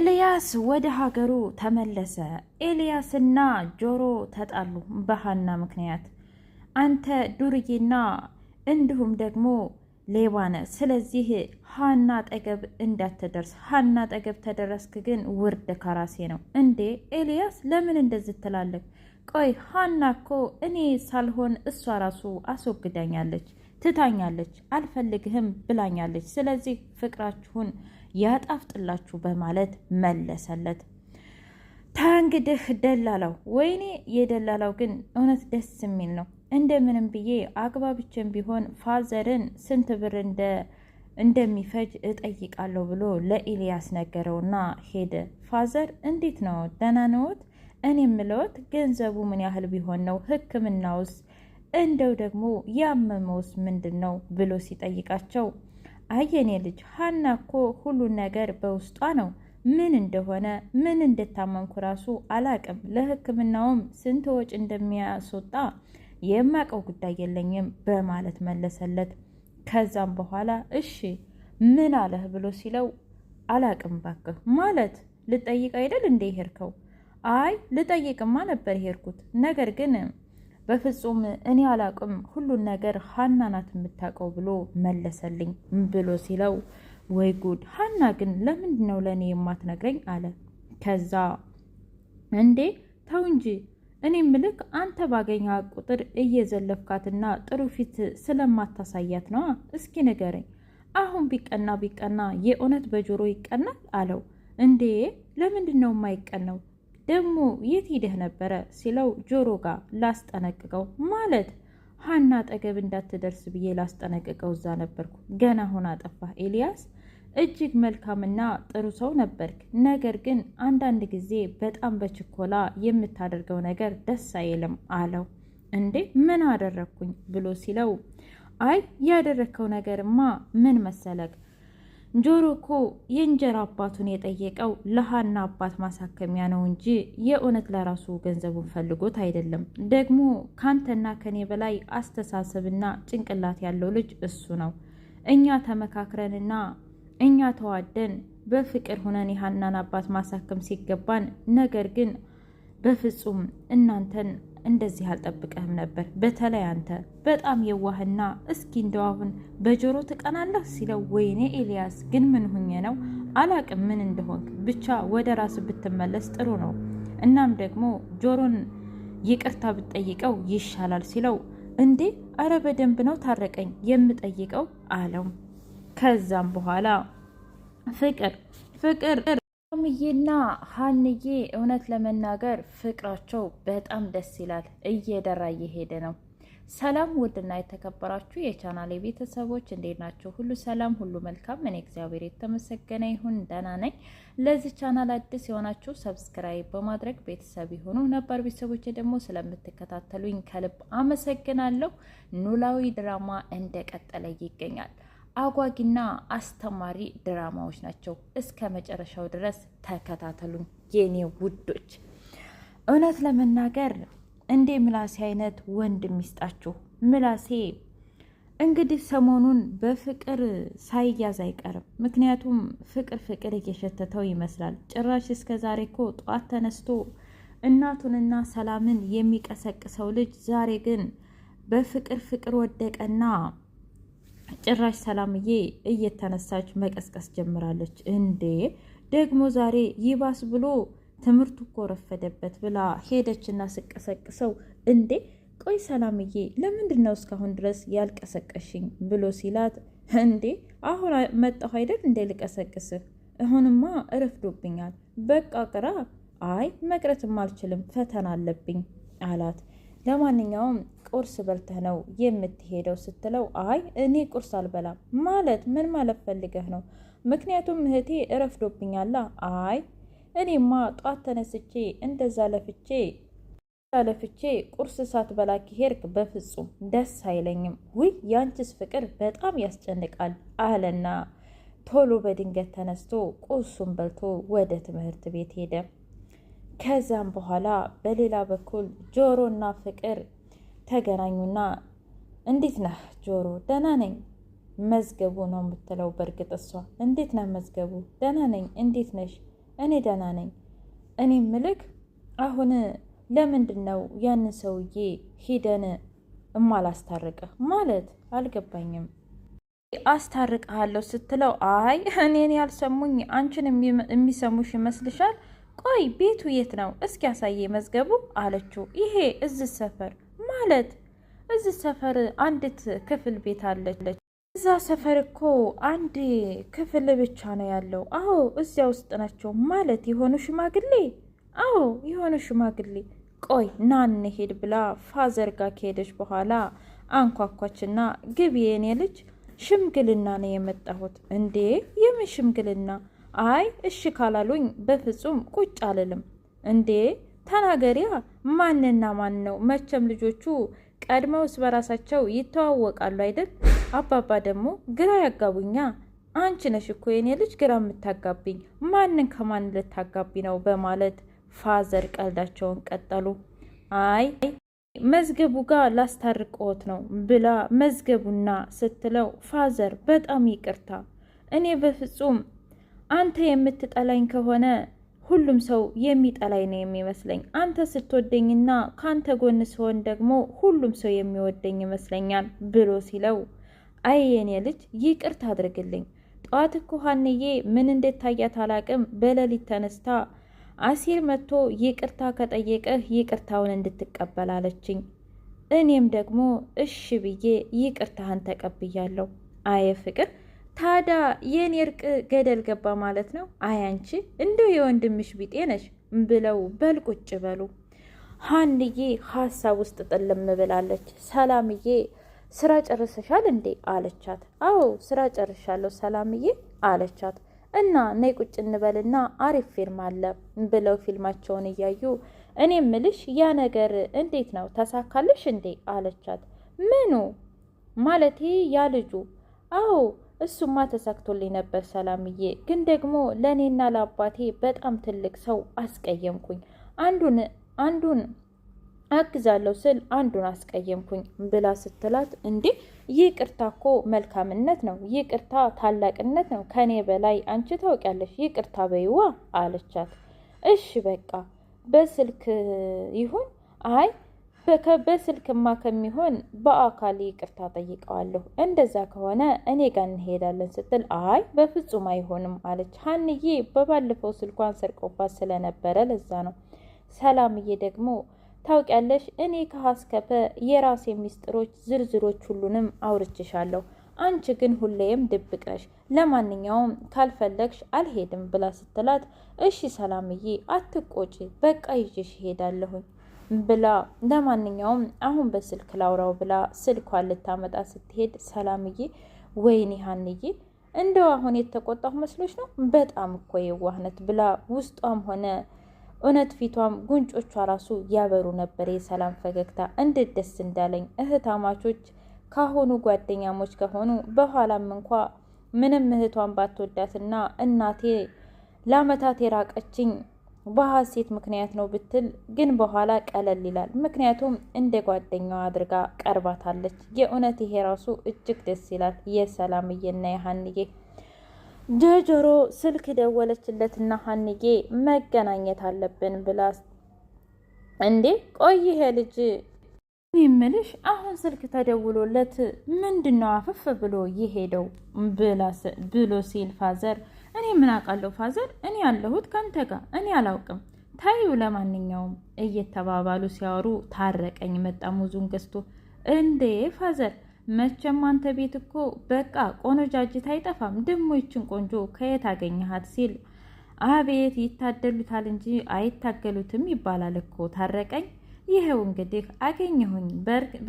ኤልያስ ወደ ሀገሩ ተመለሰ። ኤልያስና ጆሮ ተጣሉ በሀና ምክንያት። አንተ ዱርዬና እንዲሁም ደግሞ ሌባነ ስለዚህ ሀና አጠገብ እንዳትደርስ። ሀና ጠገብ ተደረስክ ግን ውርድ ከራሴ ነው። እንዴ ኤልያስ ለምን እንደዚህ ትላለህ? ቆይ ሀና እኮ እኔ ሳልሆን እሷ ራሱ አስወግዳኛለች። ትታኛለች፣ አልፈልግህም ብላኛለች። ስለዚህ ፍቅራችሁን ያጣፍጥላችሁ በማለት መለሰለት። ታንግድህ ደላላው። ወይኔ የደላላው ግን እውነት ደስ የሚል ነው። እንደምንም ብዬ አግባብችን ቢሆን ፋዘርን ስንት ብር እንደ እንደሚፈጅ እጠይቃለሁ ብሎ ለኤልያስ ነገረውና ሄደ። ፋዘር እንዴት ነው ደህና ነዎት? እኔ የምለዎት ገንዘቡ ምን ያህል ቢሆን ነው ህክምና እንደው ደግሞ ያመመውስ ምንድን ነው ብሎ ሲጠይቃቸው አየኔ ልጅ ሀና እኮ ሁሉን ነገር በውስጧ ነው። ምን እንደሆነ ምን እንደታመምኩ ራሱ አላቅም። ለሕክምናውም ስንት ወጪ እንደሚያስወጣ የማቀው ጉዳይ የለኝም በማለት መለሰለት። ከዛም በኋላ እሺ ምን አለህ ብሎ ሲለው አላቅም ባክህ ማለት ልጠይቅ አይደል እንደ ሄድከው? አይ ልጠይቅማ ነበር ሄድኩት ነገር ግን በፍጹም እኔ አላቅም፣ ሁሉን ነገር ሀና ናት የምታውቀው ብሎ መለሰልኝ ብሎ ሲለው ወይ ጉድ ሀና ግን ለምንድን ነው ለእኔ የማትነግረኝ አለ። ከዛ እንዴ ተው እንጂ እኔ ምልክ አንተ ባገኛ ቁጥር እየዘለፍካትና ጥሩ ፊት ስለማታሳያት ነዋ። እስኪ ንገረኝ አሁን ቢቀና ቢቀና የእውነት በጆሮ ይቀናል አለው። እንዴ ለምንድን ነው ደግሞ የት ሂደህ ነበረ ሲለው ጆሮ ጋር ላስጠነቅቀው ማለት ሀና አጠገብ እንዳትደርስ ብዬ ላስጠነቅቀው እዛ ነበርኩ። ገና ሆና ጠፋህ። ኤልያስ እጅግ መልካምና ጥሩ ሰው ነበርክ። ነገር ግን አንዳንድ ጊዜ በጣም በችኮላ የምታደርገው ነገር ደስ አይልም አለው። እንዴ ምን አደረግኩኝ ብሎ ሲለው አይ ያደረግከው ነገርማ ምን መሰለክ ጆሮ እኮ የእንጀራ አባቱን የጠየቀው ለሀና አባት ማሳከሚያ ነው እንጂ የእውነት ለራሱ ገንዘቡን ፈልጎት አይደለም። ደግሞ ካንተና ከኔ በላይ አስተሳሰብና ጭንቅላት ያለው ልጅ እሱ ነው። እኛ ተመካክረንና እኛ ተዋደን በፍቅር ሁነን የሀናን አባት ማሳከም ሲገባን፣ ነገር ግን በፍጹም እናንተን እንደዚህ አልጠብቀህም ነበር። በተለይ አንተ በጣም የዋህና እስኪ እንደው አሁን በጆሮ ትቀናለህ ሲለው፣ ወይኔ ኤልያስ ግን ምን ሁኜ ነው አላቅም፣ ምን እንደሆንክ ብቻ ወደ ራስ ብትመለስ ጥሩ ነው። እናም ደግሞ ጆሮን ይቅርታ ብትጠይቀው ይሻላል ሲለው፣ እንዴ አረ በደንብ ነው ታረቀኝ የምጠይቀው አለው። ከዛም በኋላ ፍቅር ፍቅር ሀይሚዬና ሀንዬ እውነት ለመናገር ፍቅራቸው በጣም ደስ ይላል፣ እየደራ እየሄደ ነው። ሰላም ውድና የተከበራችሁ የቻናል ቤተሰቦች እንዴት ናቸው? ሁሉ ሰላም፣ ሁሉ መልካም። እኔ እግዚአብሔር የተመሰገነ ይሁን ደህና ነኝ። ለዚህ ቻናል አዲስ የሆናችሁ ሰብስክራይብ በማድረግ ቤተሰብ የሆኑ ነባር ቤተሰቦች ደግሞ ስለምትከታተሉኝ ከልብ አመሰግናለሁ። ኖላዊ ድራማ እንደቀጠለ ይገኛል። አጓጊና አስተማሪ ድራማዎች ናቸው። እስከ መጨረሻው ድረስ ተከታተሉኝ የኔ ውዶች። እውነት ለመናገር እንዴ ምላሴ አይነት ወንድ የሚስጣችሁ። ምላሴ እንግዲህ ሰሞኑን በፍቅር ሳይያዝ አይቀርም። ምክንያቱም ፍቅር ፍቅር እየሸተተው ይመስላል። ጭራሽ እስከ ዛሬ እኮ ጠዋት ተነስቶ እናቱንና ሰላምን የሚቀሰቅሰው ልጅ ዛሬ ግን በፍቅር ፍቅር ወደቀና ጭራሽ ሰላምዬ እየተነሳች መቀስቀስ ጀምራለች። እንዴ ደግሞ ዛሬ ይባስ ብሎ ትምህርቱ እኮ ረፈደበት ብላ ሄደችና ስቀሰቅሰው፣ እንዴ ቆይ ሰላምዬ ለምንድን ነው እስካሁን ድረስ ያልቀሰቀሽኝ? ብሎ ሲላት፣ እንዴ አሁን መጣሁ አይደል እንዴ ልቀሰቅስህ። አሁንማ እረፍዶብኛል። በቃ ቅራ። አይ መቅረትም አልችልም ፈተና አለብኝ አላት። ለማንኛውም ቁርስ በልተህ ነው የምትሄደው ስትለው አይ እኔ ቁርስ አልበላም። ማለት ምን ማለት ፈልገህ ነው? ምክንያቱም እህቴ እረፍዶብኛላ። አይ እኔማ ጧት ተነስቼ እንደዛ ለፍቼ ለፍቼ ቁርስ በላኪ ሄርክ በፍጹም ደስ አይለኝም። ውይ የአንችስ ፍቅር በጣም ያስጨንቃል አለና ቶሎ በድንገት ተነስቶ ቁርሱን በልቶ ወደ ትምህርት ቤት ሄደ። ከዚያም በኋላ በሌላ በኩል ጆሮና ፍቅር ተገናኙና እንዴት ነህ ጆሮ? ደህና ነኝ መዝገቡ ነው የምትለው። በእርግጥ እሷ እንዴት ነህ መዝገቡ? ደህና ነኝ። እንዴት ነሽ? እኔ ደህና ነኝ። እኔ ምልክ አሁን ለምንድን ነው ያንን ሰውዬ ሂደን እማላስታርቅህ ማለት አልገባኝም። አስታርቅሃለሁ ስትለው አይ እኔን ያልሰሙኝ አንቺን የሚሰሙሽ ይመስልሻል? ቆይ ቤቱ የት ነው? እስኪ ያሳየ መዝገቡ አለችው። ይሄ እዚህ ሰፈር ማለት እዚህ ሰፈር አንዲት ክፍል ቤት አለች። እዛ ሰፈር እኮ አንድ ክፍል ብቻ ነው ያለው። አዎ እዚያ ውስጥ ናቸው ማለት የሆኑ ሽማግሌ። አዎ የሆኑ ሽማግሌ። ቆይ ና እንሄድ ብላ ፋዘር ጋር ከሄደች በኋላ አንኳኳችና ግቢ የኔ ልጅ ሽምግልና ነው የመጣሁት። እንዴ የምን ሽምግልና? አይ እሺ ካላሉኝ በፍጹም ቁጭ አልልም። እንዴ ተናገሪያ ማንና ማን ነው? መቼም ልጆቹ ቀድመውስ በራሳቸው ይተዋወቃሉ አይደል? አባባ ደግሞ ግራ ያጋቡኛ። አንቺ ነሽ እኮ የኔ ልጅ ግራ የምታጋብኝ ማንን ከማን ልታጋቢ ነው? በማለት ፋዘር ቀልዳቸውን ቀጠሉ። አይ መዝገቡ ጋር ላስታርቅዎት ነው ብላ መዝገቡና ስትለው፣ ፋዘር በጣም ይቅርታ፣ እኔ በፍጹም አንተ የምትጠላኝ ከሆነ ሁሉም ሰው የሚጠላኝ ነው የሚመስለኝ። አንተ ስትወደኝና ከአንተ ጎን ስሆን ደግሞ ሁሉም ሰው የሚወደኝ ይመስለኛል ብሎ ሲለው አይ የኔ ልጅ ይቅርታ አድርግልኝ። ጠዋት እኮ ሀንዬ ምን እንደታያት አላቅም፣ በሌሊት ተነስታ አሲር መጥቶ ይቅርታ ከጠየቀህ ይቅርታውን እንድትቀበል አለችኝ። እኔም ደግሞ እሺ ብዬ ይቅርታህን ተቀብያለሁ። አየ ፍቅር ታዳ የኔ እርቅ ገደል ገባ ማለት ነው። አይ አንቺ እንደው የወንድምሽ ቢጤ ነሽ ብለው በል ቁጭ በሉ። ሀንዬ ሀሳብ ውስጥ ጥልም ብላለች። ሰላምዬ ስራ ጨርሰሻል እንዴ አለቻት። አዎ ስራ ጨርሻለሁ ሰላምዬ አለቻት። እና ነይ ቁጭ እንበልና አሪፍ ፊልም አለ ብለው ፊልማቸውን እያዩ እኔ ምልሽ ያ ነገር እንዴት ነው ተሳካልሽ እንዴ አለቻት። ምኑ ማለቴ ያ ልጁ አዎ እሱማ ተሳክቶልኝ ነበር ሰላምዬ። ግን ደግሞ ለእኔና ለአባቴ በጣም ትልቅ ሰው አስቀየምኩኝ። አንዱን አንዱን አግዛለሁ ስል አንዱን አስቀየምኩኝ ብላ ስትላት፣ እንዴ ይቅርታ እኮ መልካምነት ነው፣ ይቅርታ ታላቅነት ነው። ከኔ በላይ አንቺ ታውቂያለሽ፣ ይቅርታ በይዋ አለቻት። እሺ በቃ በስልክ ይሁን አይ በስልክማ ከሚሆን በአካል ይቅርታ ጠይቀዋለሁ። እንደዛ ከሆነ እኔ ጋር እንሄዳለን ስትል አይ በፍጹም አይሆንም አለች። ሀንዬ በባለፈው ስልኳን ሰርቆባት ስለነበረ ለዛ ነው። ሰላምዬ ደግሞ ታውቂያለሽ፣ እኔ ከሀስከፈ የራሴ ሚስጥሮች ዝርዝሮች ሁሉንም አውርችሻለሁ። አንቺ ግን ሁሌም ድብቅ ነሽ። ለማንኛውም ካልፈለግሽ አልሄድም ብላ ስትላት፣ እሺ ሰላምዬ አትቆጪ፣ በቃ ይዤሽ እሄዳለሁኝ ብላ ለማንኛውም አሁን በስልክ ላውራው ብላ ስልኳን ልታመጣ ስትሄድ ሰላምዬ፣ ወይኔ ሀንዬ እንደው አሁን የተቆጣሁ መስሎች ነው በጣም እኮ የዋህነት ብላ ውስጧም ሆነ እውነት ፊቷም ጉንጮቿ ራሱ ያበሩ ነበር። የሰላም ፈገግታ እንዴት ደስ እንዳለኝ እህታማቾች ካሁኑ ጓደኛሞች ከሆኑ በኋላም እንኳ ምንም እህቷን ባትወዳትና እናቴ ለአመታት የራቀችኝ በሐሴት ምክንያት ነው ብትል ግን በኋላ ቀለል ይላል። ምክንያቱም እንደ ጓደኛዋ አድርጋ ቀርባታለች። የእውነት ይሄ ራሱ እጅግ ደስ ይላል። የሰላምዬና የሀንዬ ጀጆሮ ስልክ ደወለችለትና ሀንዬ መገናኘት አለብን ብላ እንዴ ቆይ ይሄ ልጅ ይምልሽ አሁን ስልክ ተደውሎለት ምንድነው አፈፍ ብሎ ይሄደው ብሎ ሲል ፋዘር እኔ ምን አውቃለሁ ፋዘር፣ እኔ ያለሁት ከአንተ ጋር እኔ አላውቅም ታዩ። ለማንኛውም እየተባባሉ ሲያወሩ ታረቀኝ መጣ ሙዙን ገዝቶ። እንዴ ፋዘር መቼም አንተ ቤት እኮ በቃ ቆነጃጅት አይጠፋም። ደግሞ ይችን ቆንጆ ከየት አገኘሃት? ሲል አቤት ይታደሉታል እንጂ አይታገሉትም ይባላል እኮ ታረቀኝ። ይኸው እንግዲህ አገኘሁኝ።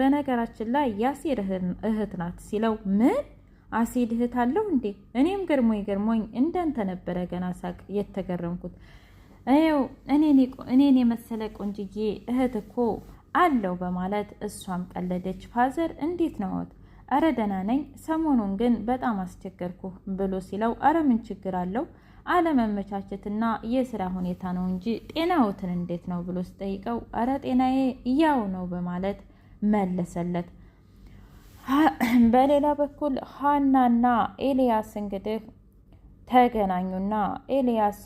በነገራችን ላይ ያሴር እህት ናት ሲለው ምን አሲድ እህት አለው እንዴ? እኔም ገርሞኝ ገርሞኝ እንዳንተ ነበረ ገና ሳቅ የተገረምኩት። ይኸው እኔን የመሰለ ቆንጅዬ እህት እኮ አለው በማለት እሷም ቀለደች። ፋዘር እንዴት ነዎት? አረ ደህና ነኝ፣ ሰሞኑን ግን በጣም አስቸገርኩ ብሎ ሲለው አረ ምን ችግር አለው አለመመቻቸትና የስራ ሁኔታ ነው እንጂ ጤናዎትን እንዴት ነው ብሎ ሲጠይቀው አረ ጤናዬ ያው ነው በማለት መለሰለት። በሌላ በኩል ሀናና ኤልያስ እንግዲህ ተገናኙና ኤልያስ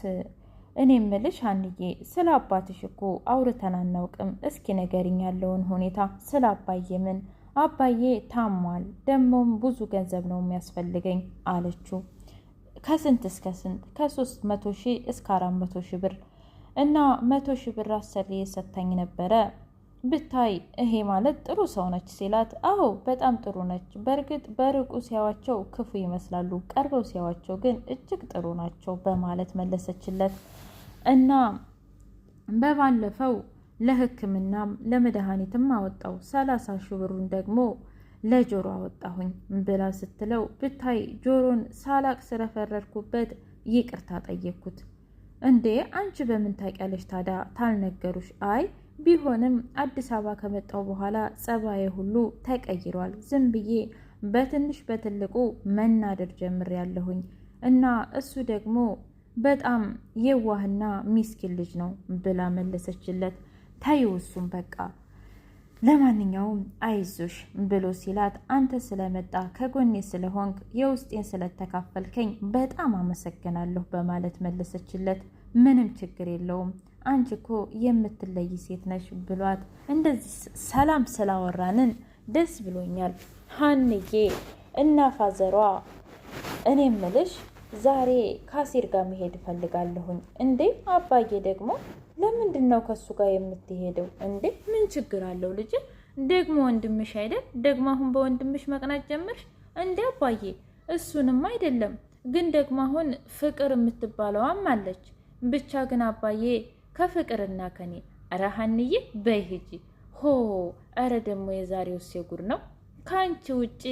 እኔ ምልሽ አንዬ ስለ አባትሽ እኮ አውርተን አናውቅም። እስኪ ንገሪኝ ያለውን ሁኔታ ስለ አባዬ ምን? አባዬ ታሟል፣ ደግሞም ብዙ ገንዘብ ነው የሚያስፈልገኝ አለችው። ከስንት እስከ ስንት? ከሶስት መቶ ሺህ እስከ አራት መቶ ሺህ ብር እና መቶ ሺህ ብር አሰሪ የሰታኝ ነበረ ብታይ ይሄ ማለት ጥሩ ሰው ነች ሲላት፣ አዎ በጣም ጥሩ ነች። በእርግጥ በርቁ ሲያዋቸው ክፉ ይመስላሉ፣ ቀርበው ሲያዋቸው ግን እጅግ ጥሩ ናቸው በማለት መለሰችለት እና በባለፈው ለሕክምናም ለመድኃኒትም አወጣው ሰላሳ ሺህ ብሩን ደግሞ ለጆሮ አወጣሁኝ ብላ ስትለው ብታይ ጆሮን ሳላቅ ስለፈረድኩበት ይቅርታ ጠየቅኩት። እንዴ አንቺ በምን ታውቂያለሽ ታዲያ ታልነገሩሽ? አይ ቢሆንም አዲስ አበባ ከመጣው በኋላ ጸባዬ ሁሉ ተቀይሯል። ዝም ብዬ በትንሽ በትልቁ መናደር ጀምር ያለሁኝ እና እሱ ደግሞ በጣም የዋህና ሚስኪን ልጅ ነው ብላ መለሰችለት። ተይው እሱም በቃ ለማንኛውም አይዞሽ ብሎ ሲላት፣ አንተ ስለመጣ ከጎኔ ስለሆንክ የውስጤን ስለተካፈልከኝ በጣም አመሰግናለሁ በማለት መለሰችለት። ምንም ችግር የለውም አንቺ እኮ የምትለይ ሴት ነሽ ብሏት፣ እንደዚህ ሰላም ስላወራንን ደስ ብሎኛል ሀንዬ እና ፋዘሯ። እኔ ምልሽ ዛሬ ካሴር ጋር መሄድ እፈልጋለሁኝ። እንዴ አባዬ ደግሞ ለምንድን ነው ከሱ ጋር የምትሄደው? እንዴ ምን ችግር አለው ልጅ? ደግሞ ወንድምሽ አይደል? ደግሞ አሁን በወንድምሽ መቅናት ጀምርሽ እንዴ አባዬ፣ እሱንም አይደለም ግን ደግሞ አሁን ፍቅር የምትባለዋም አለች ብቻ ግን አባዬ ከፍቅርና ከኔ እረ ሀንዬ በይ ሂጂ ሆ እረ ደግሞ የዛሬው ሴጉር ነው ከአንቺ ውጭ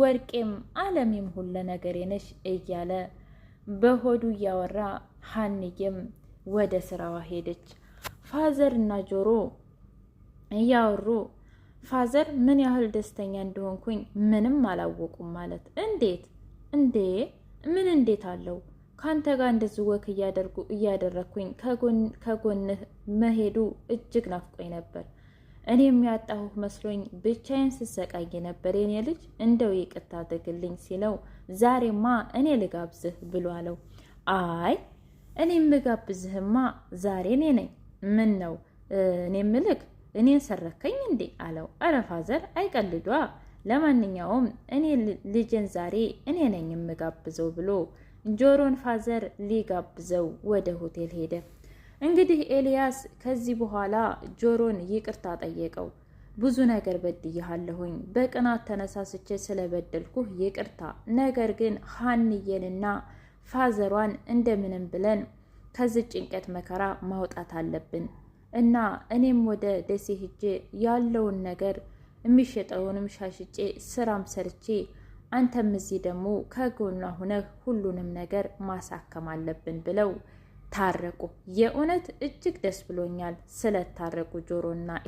ወርቄም አለሜም ሁለ ነገሬ ነሽ እያለ በሆዱ እያወራ ሀንዬም ወደ ስራዋ ሄደች። ፋዘር እና ጆሮ እያወሩ ፋዘር ምን ያህል ደስተኛ እንደሆንኩኝ ምንም አላወቁም ማለት እንዴት እንዴ ምን እንዴት አለው ከአንተ ጋር እንደዚህ ወክ እያደረግኩኝ ከጎንህ መሄዱ እጅግ ናፍቆኝ ነበር። እኔ የሚያጣሁህ መስሎኝ ብቻዬን ስሰቃይ ነበር። የኔ ልጅ እንደው ይቅርታ አድርግልኝ ሲለው ዛሬማ እኔ ልጋብዝህ ብሎ አለው። አይ እኔ የምጋብዝህማ ዛሬ እኔ ነኝ። ምን ነው እኔ ምልክ እኔን ሰረከኝ እንዴ አለው። ኧረ ፋዘር አይቀልዷ። ለማንኛውም እኔ ልጄን ዛሬ እኔ ነኝ የምጋብዘው ብሎ ጆሮን ፋዘር ሊጋብዘው ወደ ሆቴል ሄደ። እንግዲህ ኤልያስ ከዚህ በኋላ ጆሮን ይቅርታ ጠየቀው። ብዙ ነገር በድያለሁኝ፣ በቅናት ተነሳስቼ ስለበደልኩህ ይቅርታ። ነገር ግን ሀንየንና ፋዘሯን እንደምንም ብለን ከዚህ ጭንቀት መከራ ማውጣት አለብን እና እኔም ወደ ደሴ ሂጄ ያለውን ነገር የሚሸጠውንም ሻሽጬ ስራም ሰርቼ አንተም እዚህ ደግሞ ከጎኗ ሁነህ ሁሉንም ነገር ማሳከም አለብን ብለው ታረቁ። የእውነት እጅግ ደስ ብሎኛል ስለታረቁ ጆሮና